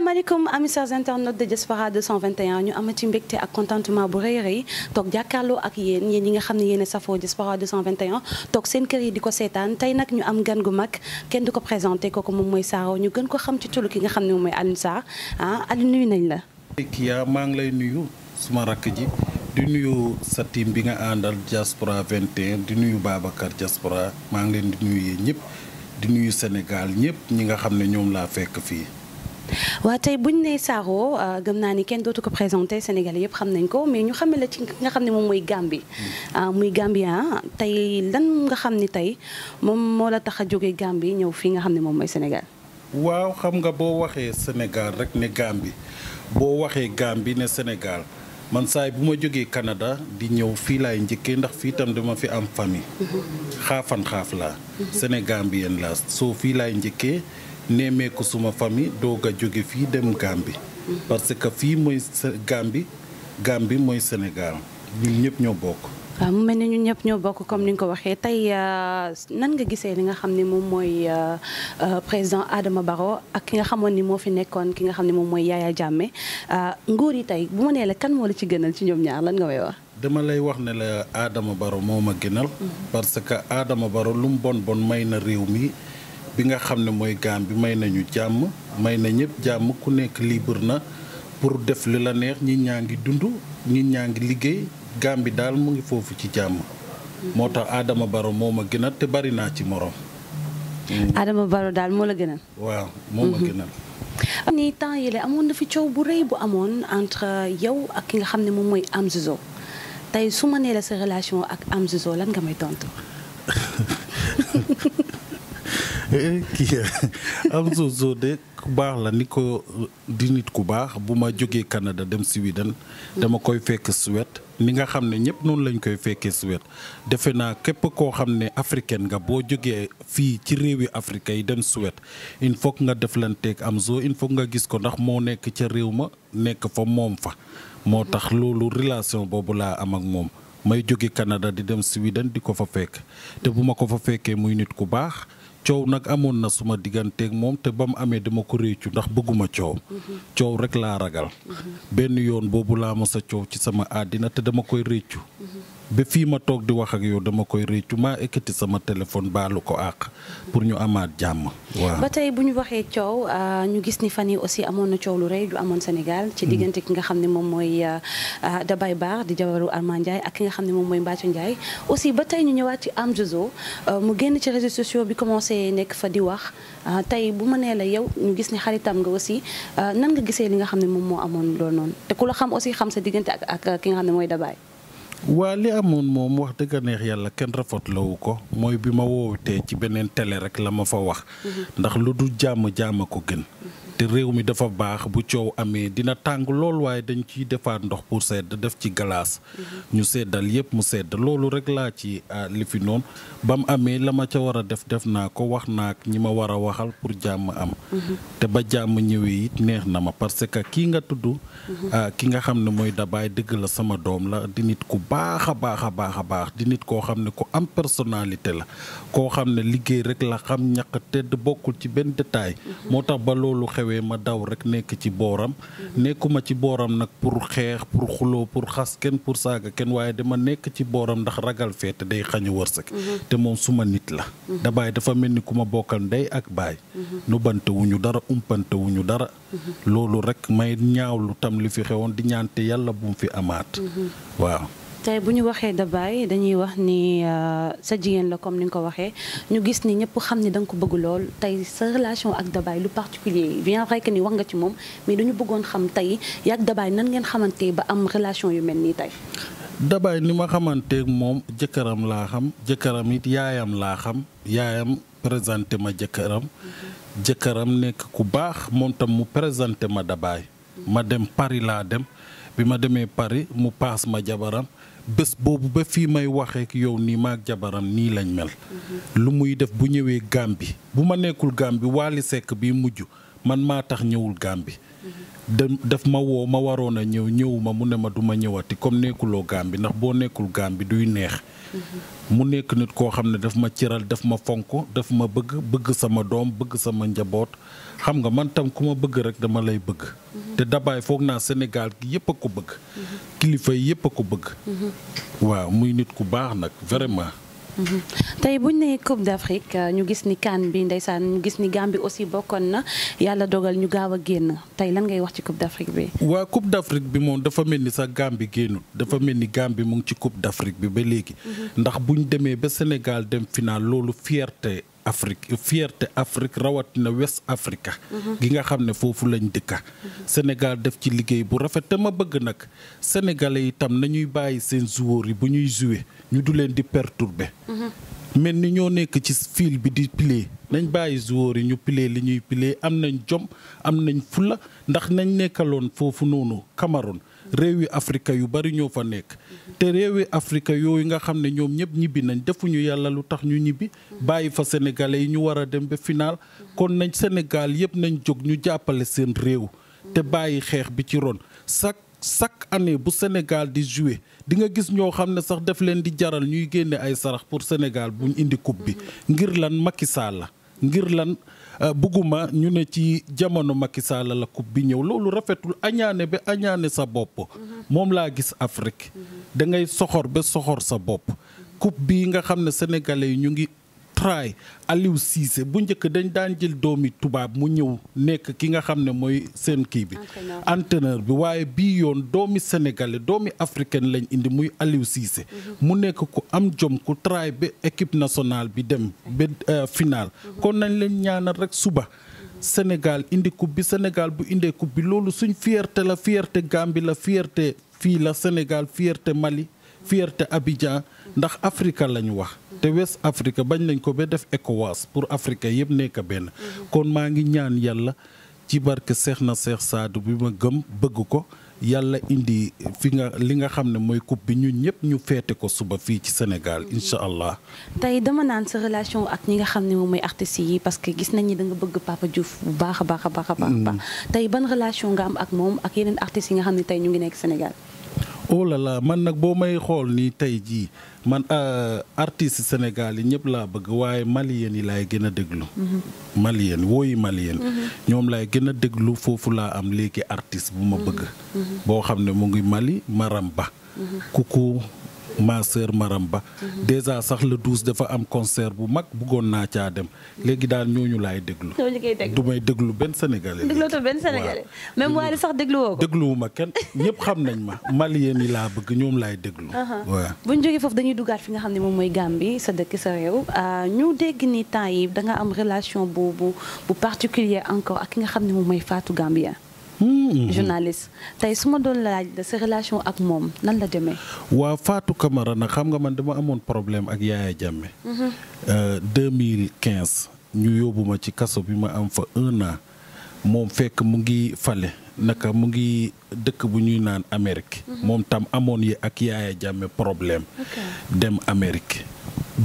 maaleykum amis chers internautes de Diaspora 221 ñu amati mbégte ak contentement bu rëy rëy toog jàkkaarloo ak yéen yéen ñi nga xam ne yéen a safoo Diaspora 221 toog seen kër yi di ko seetaan tey nag ñu am gan gu mag kenn du ko présenté kooku moom mooy Saaro ñu gën ko xam ci tulu ki nga xam ne moom mooy Alioune Sarr ah, nuyu nañ la. Kiya maa ngi lay nuyu suma rakk ji di nuyu sa team bi nga àndal Diaspora 21 di nuyu Babacar Diaspora maa ngi leen di nuyu yéen ñëpp di nuyu Sénégal ñëpp ñi nga xam ne ñoom laa fekk fii. waa tey bu ñu nee Sakho euh, gëm naa ni kenn dootu ko présenté Sénégal yëpp xam nañ ko mais ñu xame la ci nga xam ne moom mooy Gambie. Mm. Ah, muy Gambien ah, tey lan nga xam ni tey moom moo la tax a jógee Gambie ñëw fii nga xam ne moom mooy Sénégal. waaw xam nga boo waxee Sénégal rek ne Gambie boo waxee Gambie ne Sénégal man saay bu ma jógee kanada di ñëw fii laay njëkkee ndax fii tam dama fi am famille. Mm-hmm. xaafan xaaf laa. Mm-hmm. Sénégambien laa soo fii lay njëkkee. nemmeeku suma famille doog a jóge fii dem bi parce que fii mooy Gambie bi mooy Sénégal ñun ñëpp ñoo bokk. waaw mu mel ne ñun ñëpp ñoo bokk comme ni nga ko waxee tey euh, nan nga gisee li nga xam ne moom mooy euh, euh, président Adama Barrow ak ki nga xamoon ni moo fi nekkoon ki nga xam ne moom mooy Yaya jàmme nguur yi tey bu ma nee la kan moo la ci gënal ci ñoom ñaar lan nga may wax. dama lay wax ne la aadama Barrow moo ma gënal. Mm-hmm. parce que aadama Barrow lu bon bon may na réew mi. bi nga xam ne mooy gaam bi may nañu jàmm may na ñëpp jàmm ku nekk libre na pour def li la neex ñi ñaa ngi dund ñi ñaa ngi liggéey gaam bi daal mu ngi foofu ci jàmm. moo tax Adama Baro moo ma gënal te bari naa ci moroom mm. Adama Baro daal moo la gënal. waaw moo ma mm-hmm. gënal. am ni temps amoon na fi coow bu rëy bu amoon entre yow ak ki nga xam ne moom mooy Amzizo tey su ma nee la sa relation ak Amzizo lan nga may tontu. kii Amzou Sow de ku baax la ni ko uh, di nit ku baax bu ma jógee Canada dem Sweden dama koy fekk Suède ni nga xam ne ñëpp noonu lañ koy fekkee Suède defe naa képp koo xam ne africaine nga boo jógee fii ci réewi Afrique yi dem Suède il faut nga deflanteek am teeg Amzou il faut nga gis ko ndax moo nekk ca réew ma nekk fa moom fa moo tax loolu relation boobu laa am ak moom may jóge Canada di dem Sweden di ko fa fekk te bu ma ko fa fekkee muy nit ku baax coow nag amoon na suma digganteeg moom te ba mu amee dama ko réccu ndax bëgguma coow coow rekk laa ragal mhm. benn yoon boobu laa mos a coow ci sama àddina te dama koy réccu mhm. ba fii ma toog di wax ak yow dama koy réccu maa ekkati sama téléphone baalu ko àq pour ñu amaat jàmm. waaw ba tey bu ñu waxee coow euh, ñu gis ni fan yi aussi amoon na coow lu rëy ju amoon Sénégal. ci mm. diggante ki nga xam ne moom mooy euh, euh, Dabay Baar di jabaru Armand Ndiaye ak ki nga xam ne moom mooy Mbathio Ndiaye. aussi ba tey ñu ñëwaat ci Amzo Zo mu génn ci réseaux sociaux bi commencé nekk fa di wax tey bu ma nee la yow ñu gis ni xaritam nga aussi nan nga gisee li nga xam ne moom moo amoon loolu noonu te ku la xam aussi xam sa diggante ak ak ki nga xam ne mooy Dabay. waa li amoon moom wax dëgganeex yàlla kenn rafetlawu ko mooy bi ma woowatee ci beneen tele rek la ma fa wax. Mm-hmm. ndax lu dul du jàmm a ko gën. te réew mi dafa baax bu coow amee dina tàng lool waaye dañ ciy defaat ndox pour sedd def ci galaas mhm. ñu seddal yëpp mu sedd loolu rek laa ci ah, li fi noonu ba mu amee la ma ca war a def def naa ko wax naa ak ñi ma war a waxal pour jàmm am mhm. te ba jàmm ñëwee it neex na ma parce que kii nga tudd mhm. ah, ki nga xam ne mooy dabaay dëgg la sama doom la di nit ku baax a baax a baax a baax di nit koo xam ne ku am personnalité la koo xam ne liggéey rek la xam ñaq tedd bokkul ci benn détail taxawee ma daw rek nekk ci booram nekkuma ci booram nag pour xeex pour xuloo pour xas kenn pour saaga kenn waaye dama nekk ci booram ndax ragal fee te day xañu wërsëg mhm. te moom suma nit la mhm. da bàyyi dafa mel ni ku ma bokkal ndey ak baay mhm. nu bantewuñu dara umpantewuñu dara loolu rek may ñaawlu tam li fi xewoon di ñaante yàlla bu mu fi amaat waaw tey bu ñu waxee Dabaye dañuy wax ni euh, sa jigéen la comme ni nga ko waxee ñu gis ni ñëpp xam ni danga ko bëgg lool tey sa relation ak Dabaye lu particulier yi bien vrai ni wax nga ci moom mais dañu bëggoon xam tey yaa ak Dabaye nan ngeen xamante ba am relation yu mel nii tey. Dabaye ni ma xamanteeg moom jëkkëram laa xam jëkkëram it yaayam laa xam yaayam présenté ma jëkkëram. jëkkëram nekk ku baax moom tam mu présenté ma Dabaye. ma dem pari laa dem bi ma demee Paris mu paas ma jabaram. bés boobu ba fii may waxee yow nii maak jabaram nii lañ mel. lu muy def bu ñëwee bi bu ma nekkul Gàmbi Wally Seck bi mujj man maa tax ñëwul Gàmbi. daf ma woo ma waroon a ñëw ñëwuma mu ne ma duma ma ñëwati comme nekkuloo bi ndax boo nekkul bi duy neex. mu nekk nit koo xam ne daf ma ciral daf ma fonk daf ma bëgg bëgg sama doom bëgg sama njaboot. xam nga man tam ku ma bëgg rek dama lay bëgg. Mhm. te Dabaye foog naa Sénégal gi yëpp a ko bëgg. Mhm. kilifa yëpp a ko bëgg. Mhm. waaw muy nit ku baax nag vraiment. tey buñ ne Coupe d'Afrique euh, ñu gis ni CAN bi ndeysaan ñu gis ni Gambie aussi bokkoon na yàlla dogal ñu gaaw a génn tey lan ngay wax ci Coupe d'Afrique bi. waaw Coupe d'Afrique bi moom dafa mel ni sax bi génnut dafa mel ni bi mu ngi ci Coupe d'Afrique bi ba léegi. ndax buñ demee ba Sénégal Afrique fierté Afrique na wes Africa. Mhm. gi nga xam ne foofu lañ dëkka mhm. Sénégal def ci liggéey bu rafet te ma bëgg nag sénégalais itam nañuy bàyyi seen joueurs yi bu ñuy jouer ñu du leen di perturber. Mhm. mel ni ñoo nekk ci fil bi di pile nañ bàyyi joueurs yi ñu pile li ñuy pile am nañ jom am nañ fula ndax nañ nekkaloon foofu noonu Cameroun. réewi Afrique yu bari ñoo fa nekk te réewi Afrique yooyu nga xam ne ñoom ñëpp ñibbi nañ defuñu yàlla lu tax ñu ñibbi bàyyi fa sénégalais yi ñu war a dem ba final kon nañ Sénégal yëpp nañ jóg ñu jàppale seen réew te bàyyi xeex bi ci ron chaque chaque année bu Sénégal di jouer di nga gis ñoo xam ne sax daf leen di jaral ñuy génne ay sarax pour Sénégal buñ indi coupe bi ngir lan Macky Sall ngir lan. Euh, bëgguma ñu ne ci jamono Macky Sall la coupe bi ñëw loolu rafetul añaane ba añaane sa bopp moom laa gis Afrique da ngay soxor ba soxor sa bopp coupe bi nga xam ne sénégalais yi ñu ngi try Aliou Cissé bu njëkk dañ daan jël doomi tubaab mu ñëw nekk ki nga xam ne mooy seen kii bi entraîneur bi waaye bii yoon doomi sénégalais doomi africaine lañ indi muy Aliou Cissé mhm. mu nekk ko am jom ku try ba équipe nationale bi dem ba euh, final mhm. kon nañ leen ñaanal rek suba mhm. Sénégal indi coupe bi bu indee coupe bi loolu suñ fierté la fierté Gambie la fierté fii la Sénégal fierté Mali fierté Abidjan ndax Afrique la ñu wax te West Afrique bañ nañ ko ba def ECOWAS pour Afrique yëpp nekk benn kon maa ngi ñaan yàlla ci barke Seex na Seex Saadu bi ma gëm bëgg ko yàlla indi fi nga li nga xam ne mooy coupe bi ñun ñëpp ñu feete ko suba fii ci Sénégal incha allah. tey dama naan sa relation ak ñi nga xam ne moom mooy artistes yi parce que gis nañ ni da nga bëgg Papa Diouf bu baax a baax a baax a baax. Mm. tey ban relation nga ak moom ak yeneen artistes yi nga xam ne tey ñu ngi nekk Sénégal. oh man nag boo may xool nii tey jii man euh, artiste Sénégal yi ñëpp laa bëgg waaye malien yi laay gën a déglu. Mm-hmm. malien wooyi malien. Mm-hmm. ñoom laay gën a déglu foofu laa am léegi artiste bu ma bëgg. Mm-hmm. boo xam ne mu ngi Mali Maramba. Kuku. ma sœur Maram Ba déjà sax la 12 dafa am concert bu mag bëggoon naa caa dem léegi daal ñooñu laay déglu du may déglu benn sénégalais déglootoo benn sénégalais même waaye sax dégluwoo ko dégluwu ma kenn ñëpp xam nañ ma malien yi laa bëgg ñoom laay déglu waaw bu ñu jógee foofu dañuy duggaat fi nga xam ne moom mooy Gambie sa dëkk sa réew ah, ñu dégg ni temps yi da nga am relation bu bu bu particulier encore ak ki nga xam ne moom mooy Fatou Gambien Hmm. journaliste tey su ma doon laaj de sa relation ak moom nan la demee. waa faatu Camara na xam nga man dama amoon problème ak Yaya Jammeh. 2015 mhm. euh, ñu yóbbu ci kaso bi ma am fa un an moom fekk mu ngi fale naka mu ngi dëkk bu ñuy naan Amérique. Mhm. moom tam amoon yi ak Yaya Jammeh problème. dem Amérique.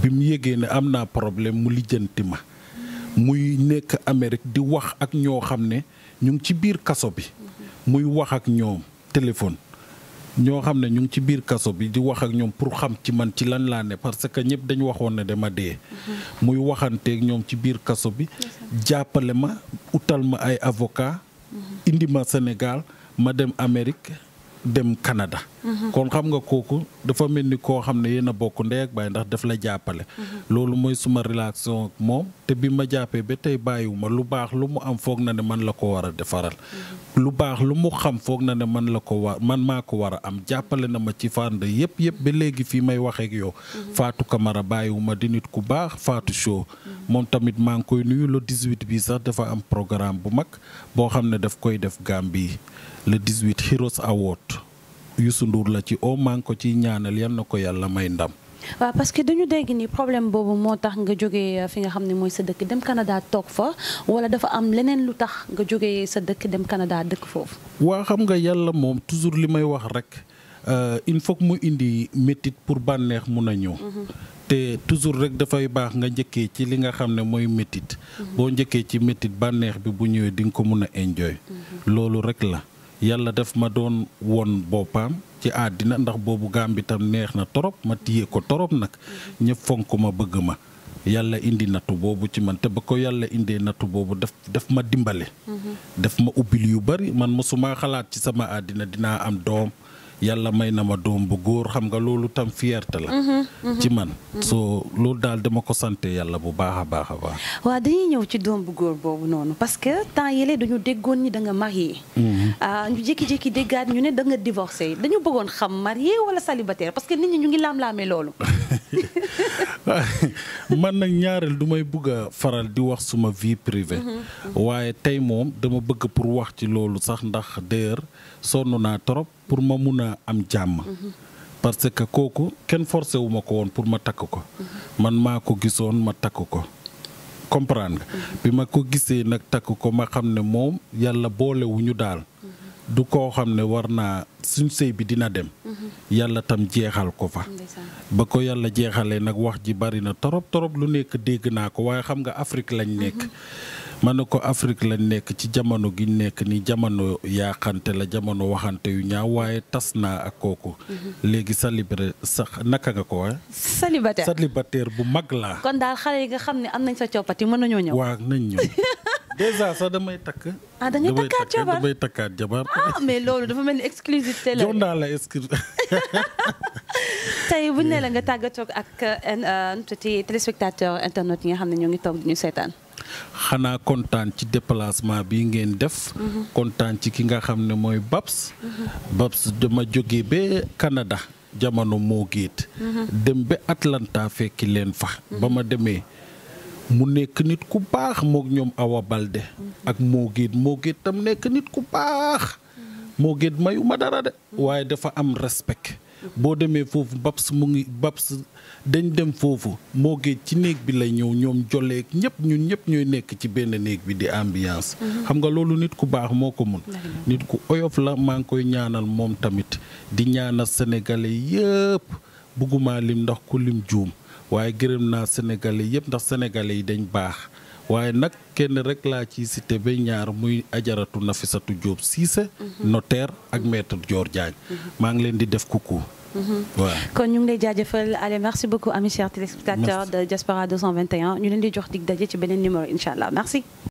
bi mu yëgee ne am naa problème mu lijjanti ma. Mhm. muy nekk Amérique di wax ak ñoo xam ne. ñu ngi ci biir kaso bi muy wax ak ñoom téléphone ñoo xam ne ñu ngi ci biir kaso bi di wax ak ñoom pour xam ci man ci lan laa ne parce que ñëpp dañu waxoon ne dama dee. muy waxanteeg ñoom ci biir kaso bi. jàppale ma utal ma ay avocat indi ma Sénégal ma dem Amérique dem kanada mhm. kon xam nga kooku dafa mel ni koo xam ne yéen a bokk ndey ak baay ndax daf la jàppale. Mhm. loolu mooy suma relation ak moom te bi ma jàppee ba tey bàyyiwuma lu baax lu mu am foog na ne man la ko war a defaral. Mhm. lu baax lu mu xam foog na ne man la ko man maa ko war a am jàppale na ma ci fànn yëpp yëpp ba léegi fii may waxeeg yow. Fatou Camara bàyyiwuma di nit ku baax faatu Show. moom tamit maa ngi koy nuyu le 18 bii sax dafa am programme bu mag boo xam ne daf koy def gaam bii le 18 Heroes Award Youssou Ndour la ci oo maa ko ci ñaanal yal na ko yàlla may ndam. waaw parce que dañu dégg nii problème boobu moo tax nga jógee euh, fi nga xam ne mooy sa dëkk dem Canada toog fa wala dafa am leneen lu tax nga jógee sa dëkk dem Canada dëkk foofu. waa xam nga yàlla moom toujours li may wax rek euh, il foog mu indi métit pour bànneex mun a ñëw. Mm-hmm. te toujours rek dafay baax nga njëkkee ci li nga xam ne mooy métit. Mm-hmm. boo njëkkee ci métit bànneex bi bu ñëwee di nga ko mun a enjoy. Mm-hmm. yàlla def ma doon won boppam ci àddina ndax boobu gaam bi tam neex na torop ma téye ko torop nag ñëpp fonk ma bëgg ma yàlla indi nattu boobu ci man te ba ko yàlla indee nattu boobu daf daf ma dimbale mm-hmm. daf ma ubbil yu bari man mosuma xalaat ci sama àddina dinaa am doom yàlla may na ma doom bu góor xam nga loolu tam fierté la. Mhm, mhm. ci man so loolu daal dama ko sante yàlla bu baax a baax a baax. waaw dañuy ñëw ci doom bu góor boobu noonu parce que temps yële dañu déggoon ni da nga marié. Mhm. Ah, ñu jékki-jékki déggaat ñu ne da nga divorcé dañu bëggoon xam marié wala célibataire parce que nit ñi ñu ngi laam-laamee loolu. man nag ñaareel du may bëgg faral di wax suma vie privée. Mhm. Mhm. waaye tey moom dama bëgg pour wax ci loolu sax ndax d'ailleurs sonn naa trop pour ma mun a am jàmm. Mhm. parce que kooku kenn forcé wu ma ko woon pour ma takk ko. man maa ko gisoon ma takk ko. comprendre bi ma ko gisee nag takk ko ma xam ne moom yàlla boolewuñu daal. du koo xam ne war naa. suñ sëy bi dina dem mm-hmm. yàlla tam jeexal ko fa ba ko yàlla jeexalee nag wax ji bari na torop torop lu nekk dégg naa ko waaye xam nga Afrique lañ mm-hmm. nekk ma ne ko Afrique lañ nekk ci jamono gi nekk ni jamono yaaxante la jamono waxante yu ñaaw waaye tas naa ak kooku mm-hmm. léegi célibataire sax naka nga ko waaye célibataire célibataire bu mag laa kon daal xale yi nga xam ne am nañ sa coppati mën nañoo ñëw nañ ñëw dèjà sax damay takk. ah da ngay takkaat jabar damay takkaat jabar. ah loolu dafa mel ni exclusivité la. jox naa la exclusivité. tey bu ñu nee la nga tàggatoo ak euh, euh, nu tuuti téléspectateur internet yi nga xam ne ñoo ngi toog di ñu seetaan. xanaa kontaan ci déplacement bi ngeen def. Mhm. kontaan ci ki nga xam ne mooy Babs. Mhm. Babs dama jóge ba Canada jamono moo géet mhm. dem ba Atlanta fekki leen fa. ba ma demee. mu nekk nit ku baax mook ñoom Awa Balde ak moo géet moo géet tam nekk nit ku baax moo géet mayuma dara de waaye dafa am respect boo demee foofu babs mu ngi babs dañ dem foofu moo géet ci néeg bi lay ñëw ñoom jolleek ñëpp ñun ñëpp ñooy nekk ci benn néeg bi di ambiance xam nga loolu nit ku baax moo ko mun nit ku oyof la maa ngi koy ñaanal moom tamit di ñaanal sénégalais yëpp bëgguma lim ndax ku lim juum waaye gërëm naa sénégalais yëpp ndax sénégalais yi dañ baax waaye nag kenn rek laa ci cité ba ñaar muy ajaratu Nafisatu Diop Cissé mhm. notaire ak maître joor Diagne mhm. maa ngi leen di def coucou mhm. waaw kon ñu ngi lay jaajëfal allez merci beaucoup amis chers téléspectateurs de Diaspora 221 ñu leen di jox dig daje ci beneen numéro incha allah merci